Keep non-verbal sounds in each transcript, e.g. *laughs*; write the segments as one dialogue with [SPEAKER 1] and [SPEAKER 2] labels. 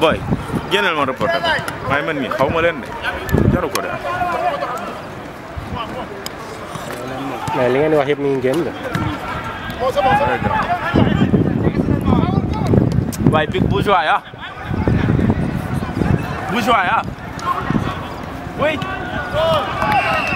[SPEAKER 1] boy génneel ma reporter waaye man mii xaw ma leen de jaru ko de li ngeen di wax yëpp mi ngi génn de waaye big bourgeois ya ah. bourgeois ya ah. oui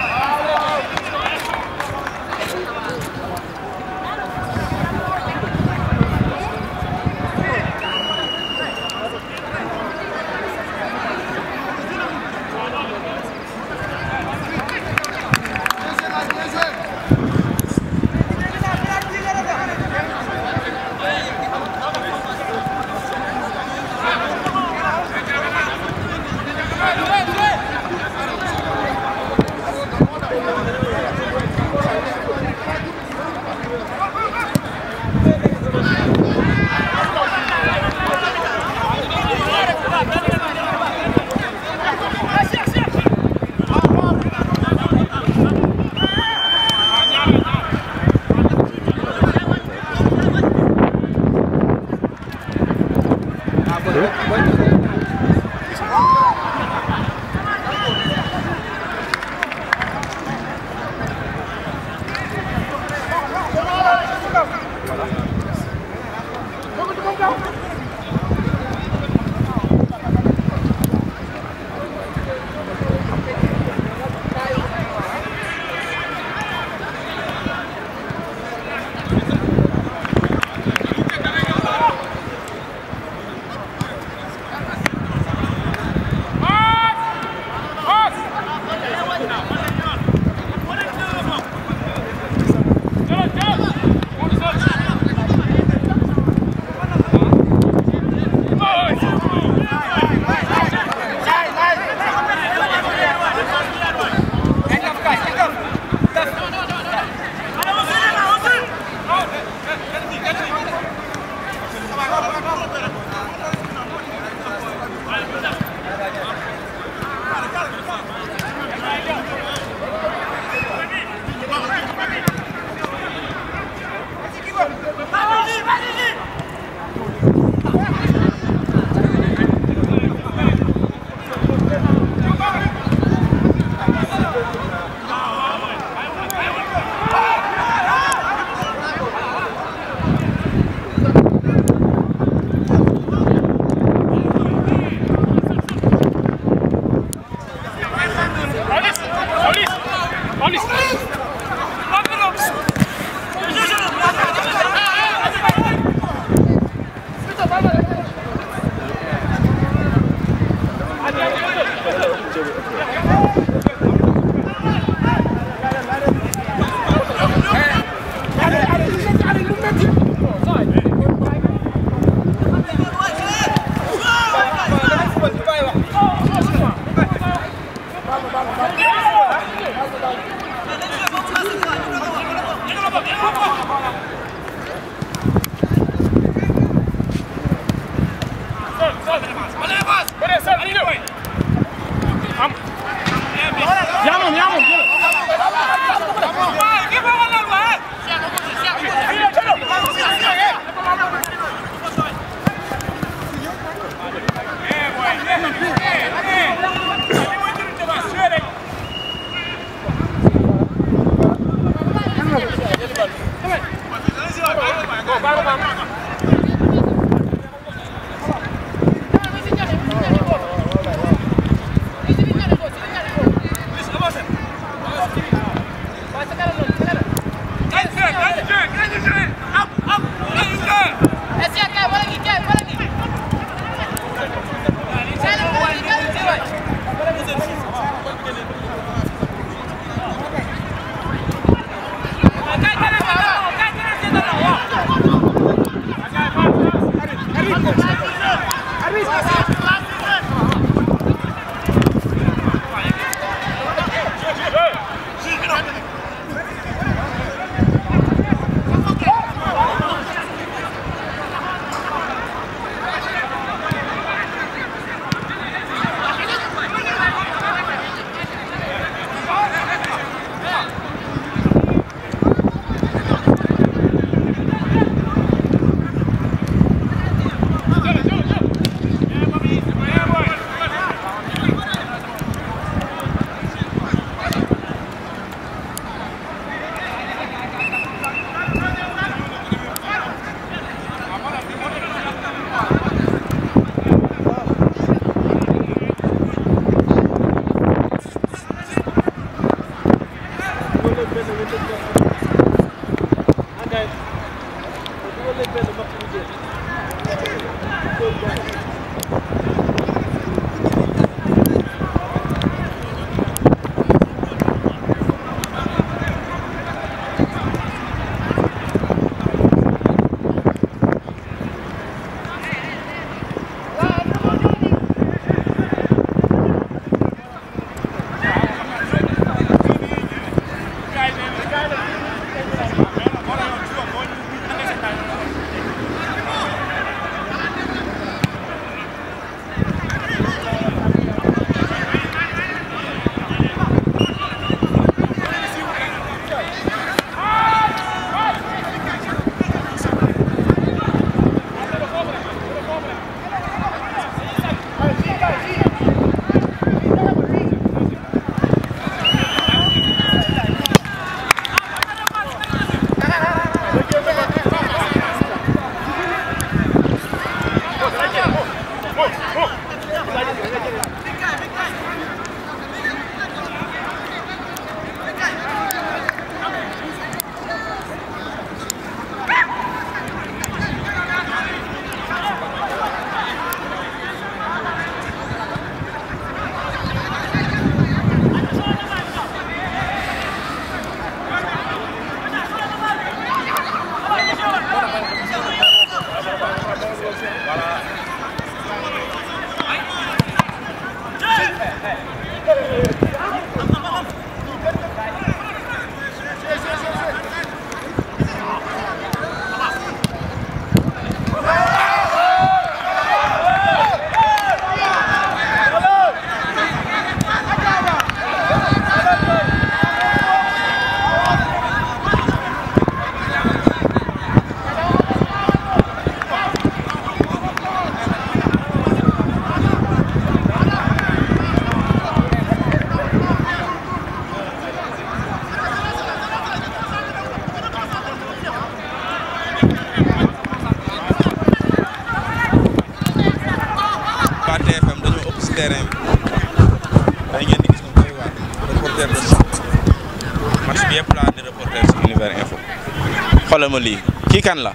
[SPEAKER 1] xoolal ma lii kii kan la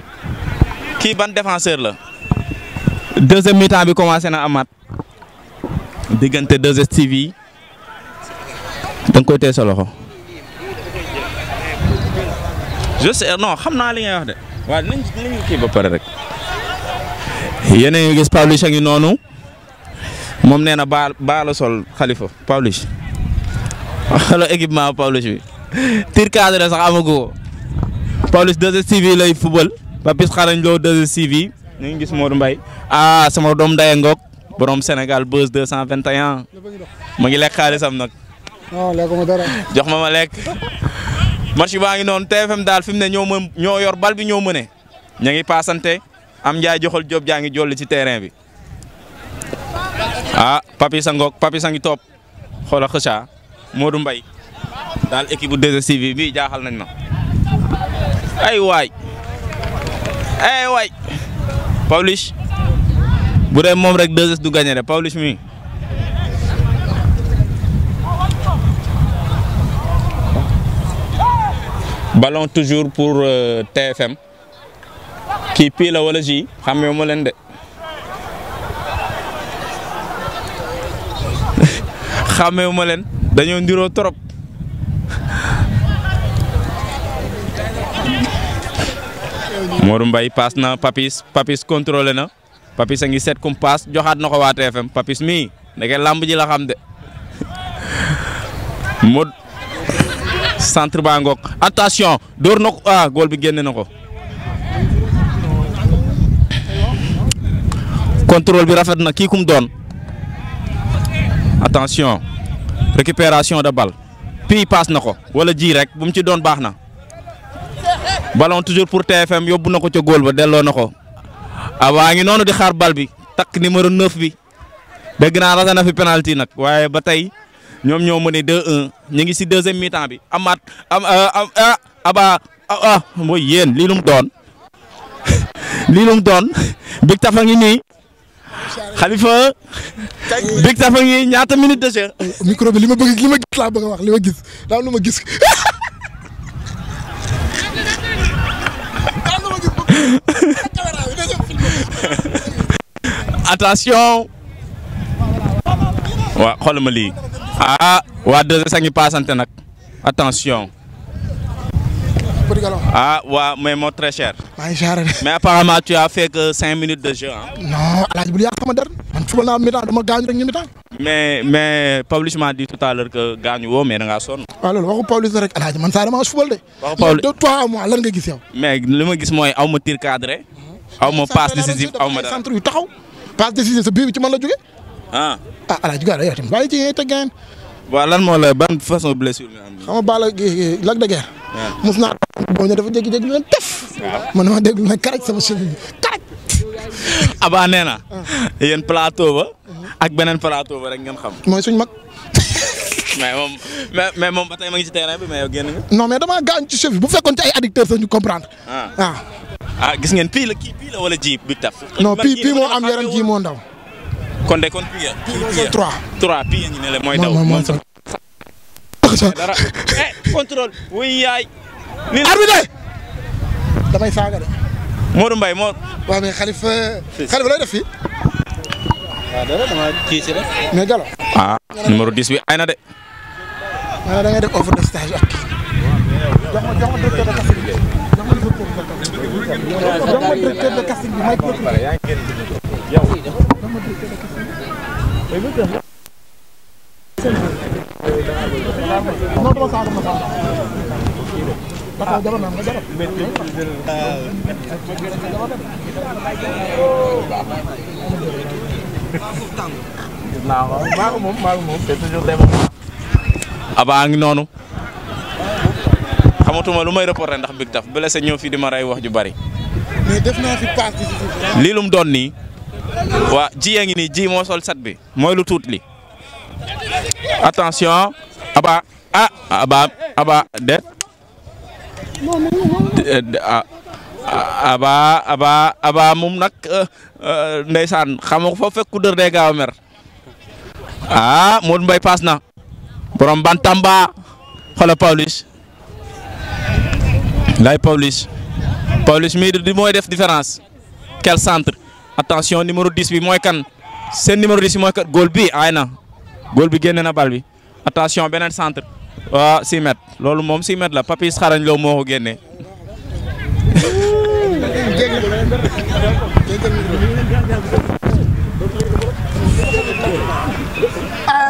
[SPEAKER 1] kii ban défenseur la. deuxième mi-temps bi commencé na amaat diggante 2STV yi da koy téye sa loxo. je xam naa li ngay wax de waaye nañ kii ba pare rek. yéen gis Pawlish a noonu moom nee na baal baala sol xalifa Pawlish xoolal équipement Pawlish bi tir cadre sax amagu ko Pawlish 2STV lay football Papis Xarañ Lo 2STV ñu ngi gis Modou mbay ah sama doom Ndeye Ngok borom Sénégal Buzz 221 mu ngi lekk xaalisam nag. non jox ma ma lekk match bi baa ngi noonu TFM daal fi mu ne ñoo mën ñoo yor bal bi ñoo mëne ña ngi paasante am njaay joxal Diop jaa ngi jolli ci terrain bi ah Papis Ngok Papis a ngi topp xoolal xëcaa Modou Mbaye daal équipe bu 2STV bi jaaxal nañ na ay waay ay waay Pawlish bu dee moom rek 2S du gagné de mi ballon toujours pour euh, TFM kii pii la wala ji xam nga leen de *laughs* xamee ma leen dañoo ndiroo trop Modou Mbaye paas na Papis Papis contrôlé na Papis a ngi seet kum paas joxaat na ko waa TFM Papis mii ndeke làmb ji la xam de Mod centre baa attention dóor na ko ah, bi génne na ko. contrôle bi rafet na kii kum doon attention récupération de balle pii paas na ko wala jii rek bu mu ci doon baax na. ballon toujours pour TFM yóbbu na ko ca góol ba delloo na ko waa ngi noonu di xaar bal bi takk numéro 9 bi dégg naa rase na fi penalty nag waaye ba tey ñoom ñoo mëne 2-1 ñu ngi si deuxième mi bi amaat am euh, euh, ah aba ah mooy yéen lii lu mu doon *laughs* lii lu mu doon Big Taf a ngi nii Khalifa Big Taf a ngi ñaata minute de jeu. micro bi li ma bëgg li ma gis laa bëgg a wax li ma gis daaw lu ma gis. *laughs* *laughs* attention. waa xoolal ma lii. ah waa 2S a ngi paasante nag. attention. ah waa mais moo très cher. mais apparemment tu as fait que 5 minutes de jeu ah. non alaaj bu yàq ma der man football naa mi-temps dama gaañu rek ñu mi mais mais Pawlish m'a dit tout à l'heure que gaañu woo mais da ngaa sonn. waaw loolu waxu Pawlish rek alaaj man saa dama football de. waxu Pawlish de toi lan nga gis yow. mais li ma gis mooy aw ma tir cadré. Mhm. aw ma passe décisive aw a dara centre yu taxaw passe décisive sa biir bi ci mën la jógee. a ah El ah, Hadj Gora yow tamit bàyyi ci lan moo la ban façon blessure nga am. xam nga Balla Lac de Guiers. waaw ah. mos naa boo ne dafa jékki-jékki leen tef. waaw man dama déglu nag karaj sama cheville bi karaj. Aba nee na. Ah. yéen plateau ba. ak beneen plateau ba rek ngeen xam. mooy suñ mag. mais moom mais mais ba tey ma ngi ci terrain bi mais yow génn nga. non mais damaa gaañ ci cheville bu fekkoon ci ay addicteurs ñu comprendre. ah gis ngeen pii la kii pii la moo am yaram ji moo ndaw. kon de mooy eh, lay def fii. waaw dara dama kii si ah, bi ay na de. Ah, da ngay def offre de stage ak. aba ngi noonu amatuma lu may reporté ndax Big Taf blessé ñëw fii di ma bari. mais doon nii waa ji yaa ngi nii ji sat bi mooy lu tuut li attention aba ah aba aba de aba ah, aba aba moom nag euh, euh, ndeysaan xam gaaw mer ah Modou Mbaye paas na borom Bantamba xoolal Pawlish lay Pawlish Pawlish mi di mooy def différence quel centre attention numéro 10 bi mooy kan seen numéro 10 bi mooy kan bi aay na gol bi génne na bal bi attention beneen centre waa 6 mètres loolu moom 6 mètres la Papis xarañ loo moo ko génne *laughs*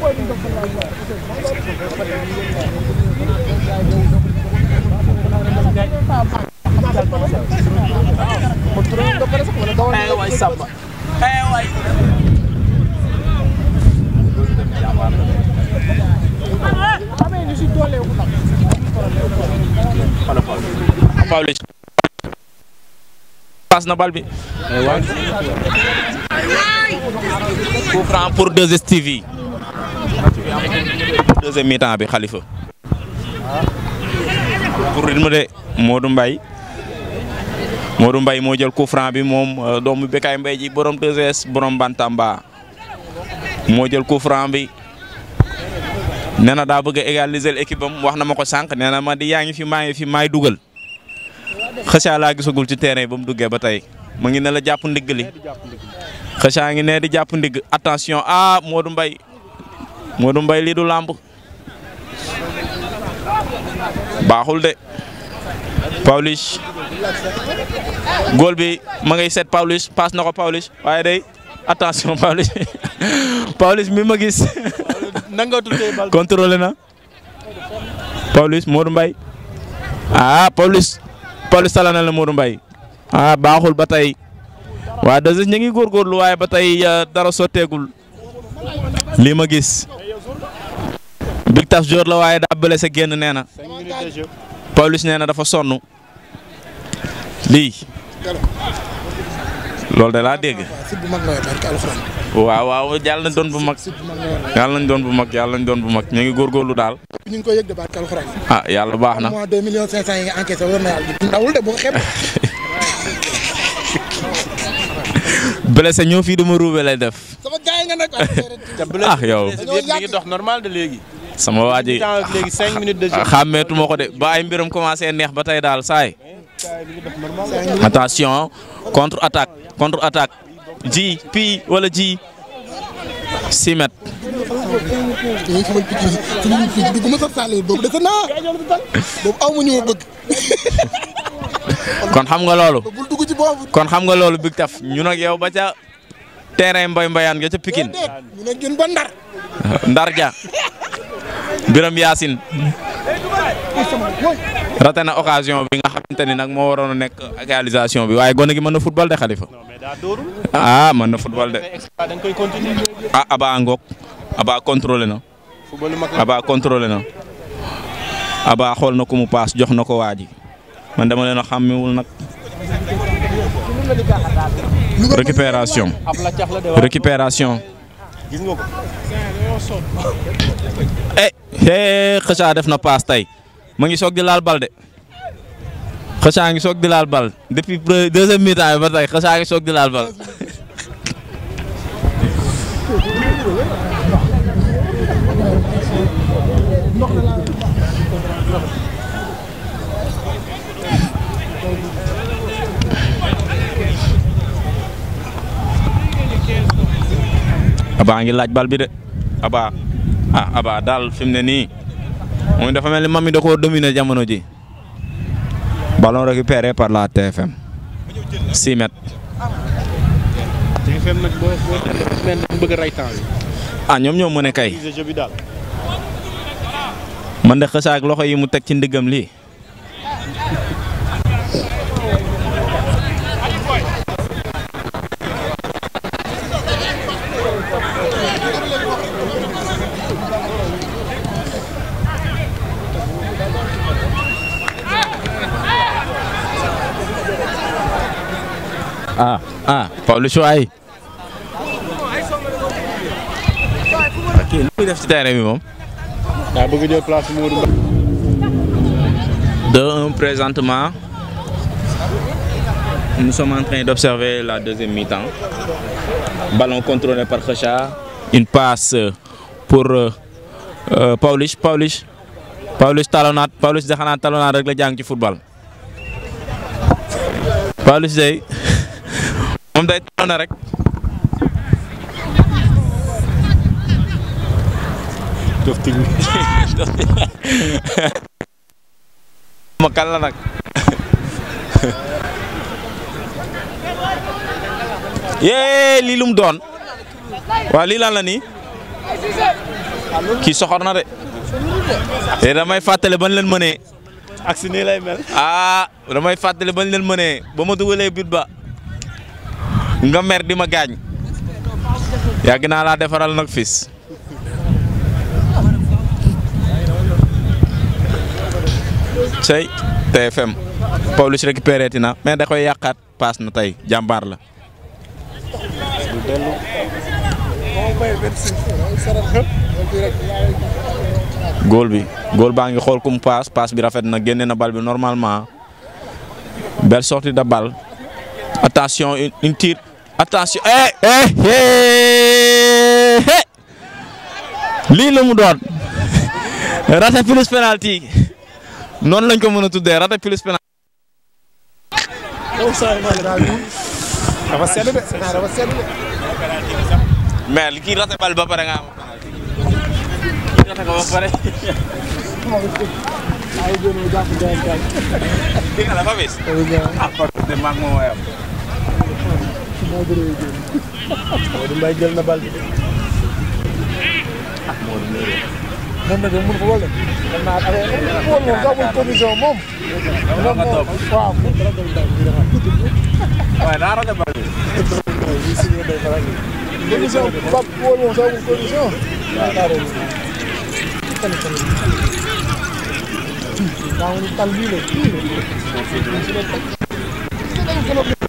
[SPEAKER 1] Eh waay Samba eh waay Pawlish passe na bal bi coup franc pour 2STV deuxième mi-temps bi Khalifa. pour rythme de Modou Mbaye Modou Mbaye moo jël coup bi moom euh, doomu Bécaye Mbaye ji borom 2S borom Bantamba moo jël coup bi nee na daa bëgg a égaliser l'équipe am wax na ma ko sànq nee na ma di yaa ngi fi maa ngi fi maay dugal xëcaa laa gisagul ci terrain ba mu duggee ba tey mu ngi ne la jàpp ndigg li xëcaa ngi ne di jàpp ndigg attention ah Modou Mbaye Modou Mbaye lii du làmb baaxul de Pawlish góol bi ma ngay seet Pawlish paas na ko Pawlish waaye day attention Pawlish *laughs* Pawlish mi ma gis contrôlé na Pawlish Modou Mbaye ah Pawlish Pawlish talanal na Modou Mbaye ah baaxul ba tey waa 2STV ñu ngi góorgóorlu waaye ba tey euh, dara sotteegul lii ma gis Big Taf joor la waaye daa sa génn nee na Pawlish nee na dafa sonn lii loolu de laa dégg waaw waaw yàlla nañ doon bu mag yàlla nañ doon bu mag yàlla doon bu mag ñu góor góorgóorlu daal ñu ngi koy yëg de barke ah yàlla baax na mois deux millions cinq cent yi nga encaissé war fii dama ruube lay def nga nag. ah yow mi ngi dox normal léegi. sama waa ji xàmmeetu ma ko de ba ay mbiram commencé neex ba tey daal saay attention contre attaque contre attaque ji pii wala ji six *laughs* kon xam nga loolu. kon xam nga loolu big taf ñun ak yow terrain mbay mbayaan nga ca Pikine. ñu ne ñun ba Ndar. Ndar ja Biram Yacine raté na occasion bi nga xamante ni nag moo waroon a nekk réalisation bi waaye gone gi mën na football de Khalifa. ah mën na football de. ah Aba Ngok Aba contrôlé na. Aba contrôlé na. Aba xool na ko paas jox na ko waa ji man dama leen a nag. récupération récupération eh eh xëcaa def na paas tey ma ngi soog di laal bal de xëcaa ngi soog di laal bal depuis deuxième mi-temps bi ba ngi soog di laal bal abaa ngi laaj bal bi de abaa ah, abaa daal fi mu ne nii moom dafa mel ni mami da koo dominer jamono ji ballon récupéré par la TFM 6 mètres. TFM ah ñoom ñoo mën ne kay. man de xësaak loxo yi mu teg ci ndiggam li ആ ആ Pawlish waay. ok li muy def ci terrain bi moom. daa bëgg jël place Modou de présentement nous sommes en d'observer la deuxième mi-temps ballon contrôlé par Kheucha une passe pour euh, euh Pawlish Pawlish Pawlish talonnaat Pawlish de xanaa talonnaat rek la jàng ci football moom day taw na rek. *laughs* ma kan la nag. *laughs* yee lii doon waaw lii la nii kii soxor de te eh, damay fàttale bañ leen mënee. ak si nii lay mel. ah damay fàttale bañ leen mënee ba ma dugalee but ba. nga mer di ma gaañ yàgg naa laa defaral nag fis cey TFM Pawlish récupéré na mais da koy yàqaat paas na tey jàmbaar la góol bi góol baa ngi xool kum paas paas bi rafet na génne na bal bi normalement belle sortie de balle attention une attention eh eh, eh eh lii la doon *laughs* raté plus penalty noonu lañ ko mën a tuddee raté plus penalty. mais li kii raté bal pare nga am raté ko ba pare. ay jëloon jàpp jaay jaay. dégg nga la Fabis. ah pardon de maa Modou Mbaye jël na bal bi de. ah Modou Mbaye. moom nag mun ko wala. xam naa affaire yi mun ko wala moom sax muy commission moom. dama ko topp waaw. waaye naa ragal bal bi. commission Pape wóor moom sax muy commission. waaw daa doon wóor. daa woon tal bii la.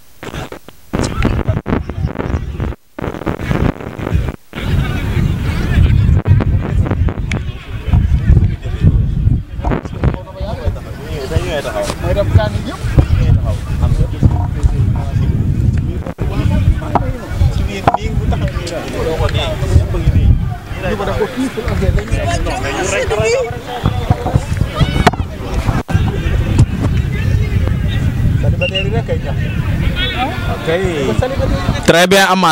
[SPEAKER 1] Très bien Amar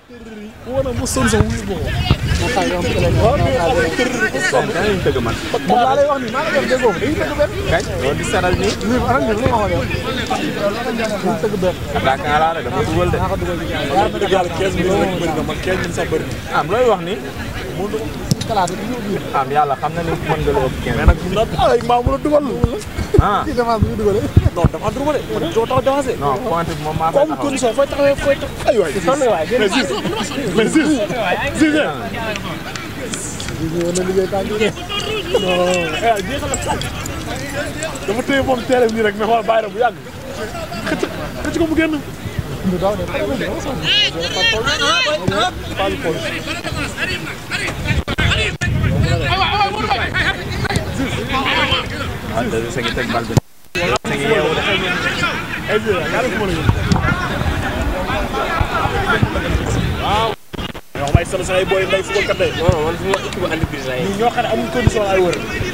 [SPEAKER 1] wona mo sonso wuygo dañuy tëgg man moom laa lay wax ni maa ngi def déggoo dañuy tëgg benn kañ loolu di saral nii ni ana ni lu ma wax yow dañuy tëgg benn da ka ala la dama dugal de naa ko dugal ci yàlla 15 minutes rek bëri na man 15 minutes sax bëri na am looy wax ni mu do xalaat am yàlla xam na ni mën nga loo mais nag ay maa mën a dugal ah kii défense bi ñu dugalee. non défense duguma de man doo tax défensé. non point bi moom maa comme condition fooy taxawee fooy tax. aywa Ziz mais Ziz mais Ziz Ziz. dafa téye moom teel nii rek mais xool bàyyi rek bu yàgg xëcc xëcc ko mu génn. ñu daaw waaw Désiré Seck teg bal bi. Désiré Seck yeewu waaw. wax may sama sama booy ndey football kat day. non man fi ma équipe andi ñoo xam ne amul condition ay wër.